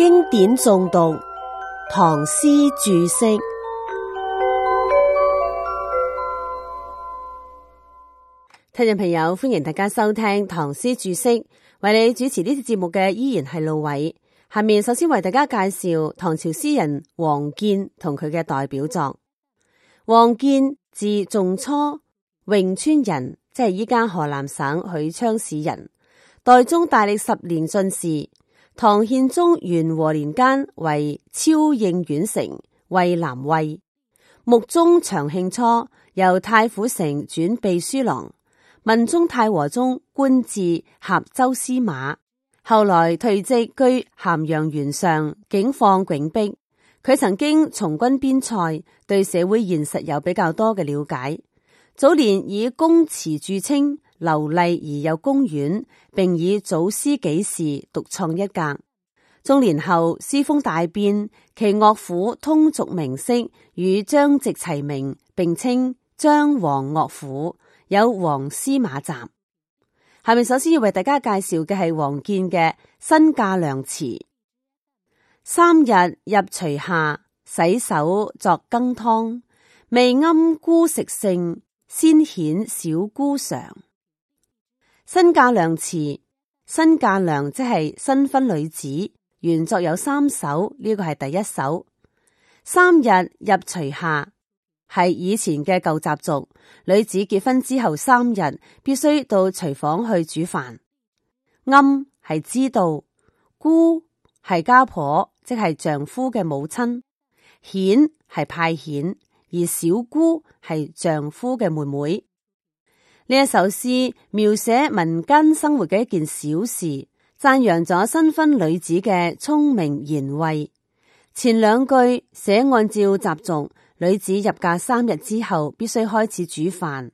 經典誦讀，唐詩注釋。聽眾朋友，歡迎大家收聽《唐詩注釋》，為你主持呢節節目嘅依然係路偉。下面首先為大家介紹唐朝詩人王建同佢嘅代表作。王建字仲初，潁川人，即係依家河南省許昌市人。代宗大曆十年進士。唐憲宗元和年間為超應縣丞渭南尉。穆宗長慶初，由太府丞轉秘書郎。文宗太和中，官至峽州司馬。後來退職居咸陽原上，境況窘迫。佢曾經從軍邊塞，對社會現實有比較多嘅了解。早年以宮詞著稱。流麗而有公遠，並以祖詩紀事獨創一格。中年後詩風大變，其樂府通俗名色，與張籍齊名，並稱張王樂府。有《王司馬集》。下面首先要為大家介紹嘅係王建嘅《新嫁娘詞》：三日入廚下，洗手作羹湯。未諳姑食性，先遣小姑嘗。新嫁娘詞，新嫁娘即係新婚女子。原作有三首，呢個係第一首。三日入廚下係以前嘅舊習俗，女子結婚之後三日必須到廚房去煮飯。諳係知道，姑係家婆，即係丈夫嘅母親。遣係派遣，而小姑係丈夫嘅妹妹。呢一首詩描寫民間生活嘅一件小事，讚揚咗新婚女子嘅聰明賢惠。前兩句寫按照習俗，女子入嫁三日之後必須開始煮飯、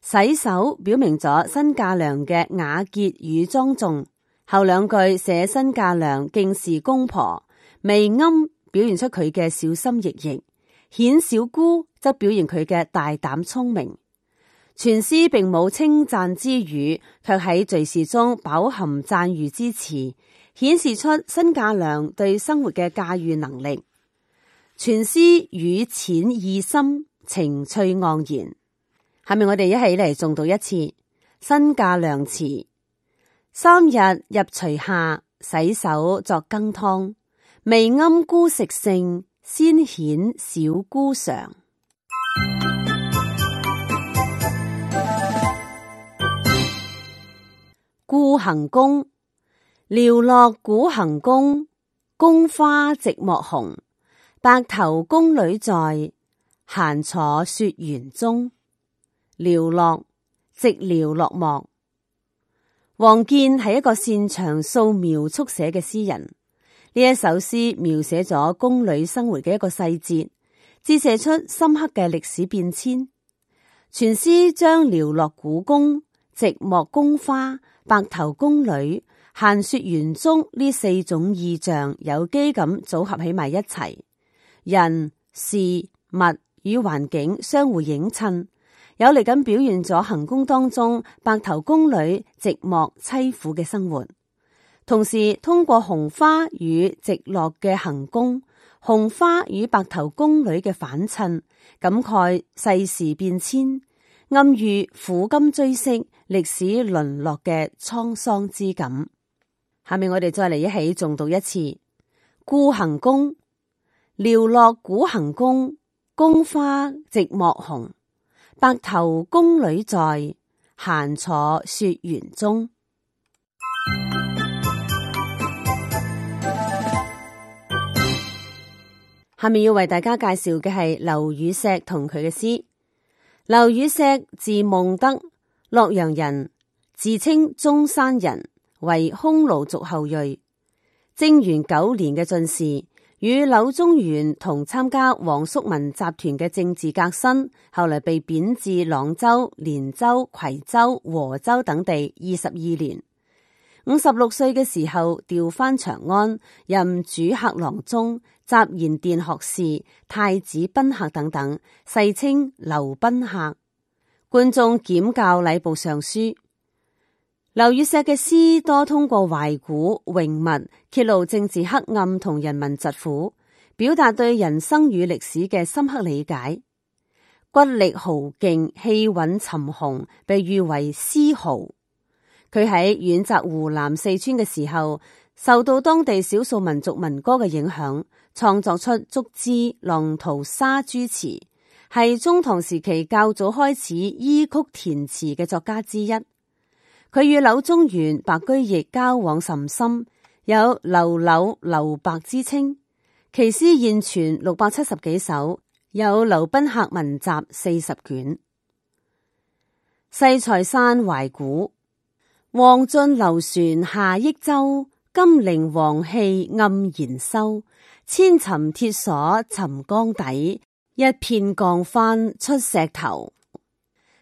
洗手，表明咗新嫁娘嘅雅潔與莊重。後兩句寫新嫁娘敬事公婆，未諳表現出佢嘅小心翼翼，顯小姑則表現佢嘅大膽聰明。全詩並冇稱讚之語，卻喺敘事中飽含讚譽之詞，顯示出新嫁娘對生活嘅駕馭能力。全詩語淺意深，情趣盎然。下面我哋一起嚟誦讀一次新嫁娘詞：三日入廚下，洗手作羹湯。未諳姑食性，先遣小姑嘗。故行宮，寥落古行宮，宮花寂寞紅。白頭宮女在，閒坐說玄宗。寥落，寂寥落寞。王建係一個擅長素描速寫嘅詩人，呢一首詩描寫咗宮女生活嘅一個細節，折射出深刻嘅歷史變遷。全詩將寥落古宮，寂寞宮花。白頭宮女、閒說玄宗呢四種意象，有機咁組合起埋一齊，人事物與環境相互映襯，有力咁表現咗行宮當中白頭宮女寂寞淒苦嘅生活。同時，通過紅花與直落嘅行宮，紅花與白頭宮女嘅反襯，感慨世事變遷。暗喻撫今追昔、歷史淪落嘅滄桑之感。下面我哋再嚟一起誦讀一次《故行宮》：寥落古行宮，宮花寂寞紅。白頭宮女在，閒坐說玄宗。下面要為大家介紹嘅係劉禹錫同佢嘅詩。劉禹錫字夢得，洛陽人，自稱中山人，為匈奴族後裔。貞元九年嘅進士，與柳宗元同參加王叔文集團嘅政治革新，後來被貶至朗州、連州、州、夔州、和州等地二十二年。五十六歲嘅時候調返長安，任主客郎中。集賢殿學士、太子賓客等等，世稱劉賓客。官中檢校禮部尚書。劉禹錫嘅詩多通過懷古詠物，揭露政治黑暗同人民疾苦，表達對人生與歷史嘅深刻理解。骨力豪勁，氣韻沉雄，被譽為詩豪。佢喺遠謫湖南四川嘅時候。受到當地少數民族民歌嘅影響，創作出《竹枝浪淘沙》諸詞，係中唐時期較早開始依曲填詞嘅作家之一。佢與柳宗元、白居易交往甚深，有劉柳，柳、劉白之稱。其詩現存六百七十幾首，有《劉賓客文集》四十卷。《西塞山懷古》，王濬流船下益州，金陵王氣黯然收，千尋鐵鎖沉江底。一片降幡出石頭。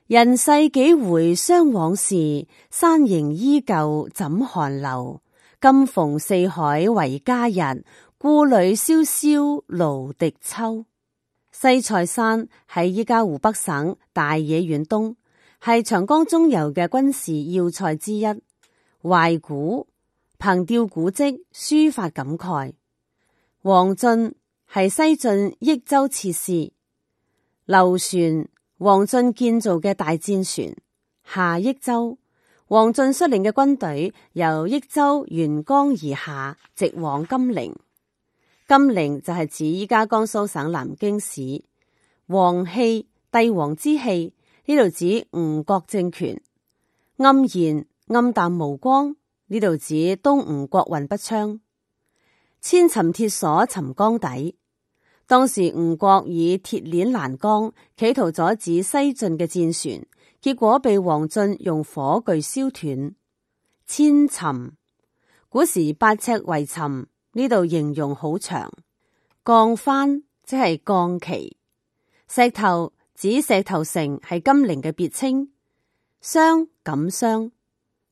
人世幾回傷往事，山形依舊枕，枕寒流。今逢四海為家人，故壘蕭蕭蘆荻秋。西塞山喺依家湖北省大冶縣東，係長江中游嘅軍事要塞之一。懷古。憑吊古迹，抒發感慨。王濬係西晉益州刺史，樓船、王濬建造嘅大戰船下益州。王濬率領嘅軍隊由益州沿江而下，直往金陵。金陵就係指依家江蘇省南京市。王氣，帝王之氣，呢度指吳國政權。黯然暗淡無光。呢度指東吳國運不昌，千尋鐵鎖沉江底。當時吳國以鐵鏈攔江，企圖阻止西晉嘅戰船，結果被王濬用火炬燒斷。千尋古時八尺為尋，呢度形容好長。降幡即係降旗，石頭指石頭城係金陵嘅別稱。傷感傷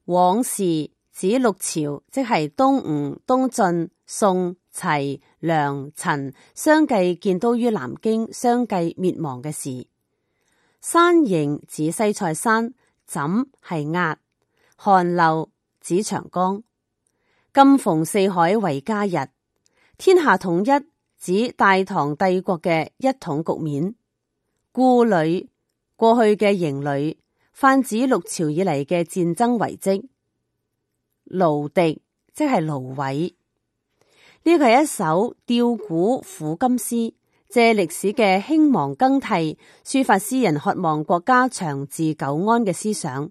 往事。指六朝，即係東吳、東晉、宋、齊、梁、陳，相繼建都於南京，相繼滅亡嘅事。山形指西塞山，枕係壓寒流指長江。今逢四海為家日，天下統一指大唐帝國嘅一統局面。故壘，過去嘅營壘，泛指六朝以嚟嘅戰爭遺迹。蘆荻即係蘆葦，呢個係一首吊古撫今詩，借歷史嘅興亡更替，抒發詩人渴望國家長治久安嘅思想。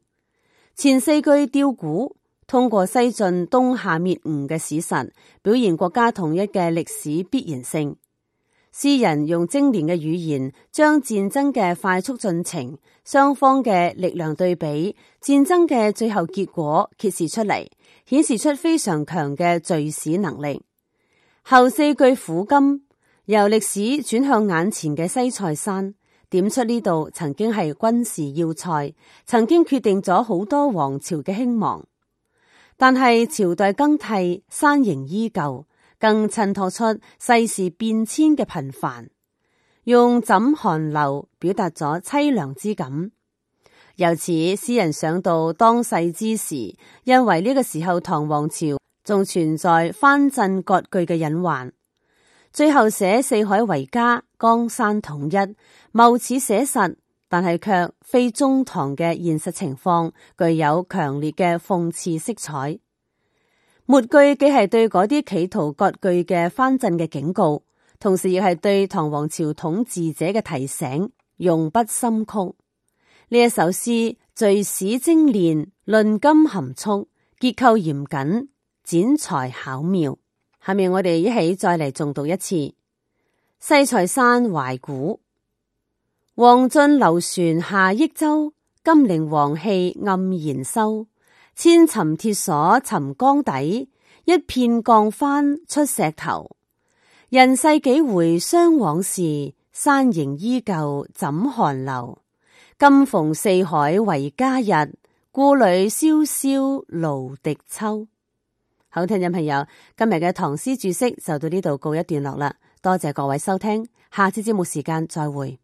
前四句吊古，通過西晉東夏滅吳嘅史實，表現國家統一嘅歷史必然性。詩人用精煉嘅語言，將戰爭嘅快速進程、雙方嘅力量對比、戰爭嘅最後結果揭示出嚟。顯示出非常強嘅敘事能力。後四句撫今，由歷史轉向眼前嘅西塞山，點出呢度曾經係軍事要塞，曾經決定咗好多王朝嘅興亡。但係朝代更替，山形依舊，更襯托出世事變遷嘅頻繁。用枕寒流表達咗淒涼之感。由此，詩人想到當世之時，因為呢個時候唐王朝仲存在藩鎮割據嘅隱患，最後寫四海為家，江山統一，貌似寫實，但係卻非中唐嘅現實情況，具有強烈嘅諷刺色彩。末句既係對嗰啲企圖割據嘅藩鎮嘅警告，同時亦係對唐王朝統治者嘅提醒，用筆深曲。呢一首詩敘史精煉，論金含蓄，結構嚴謹，剪裁巧妙。下面我哋一起再嚟誦讀一次《西塞山懷古》：王濬樓船下益州，金陵王氣黯然收。千尋鐵鎖沉江底，一片降幡出石頭。人世幾回傷往事，山形依舊枕寒流。今逢四海為家日，故壘蕭蕭蘆荻秋。好，聽眾朋友，今日嘅唐詩注釋就到呢度告一段落啦。多謝各位收聽，下次節目時間再會。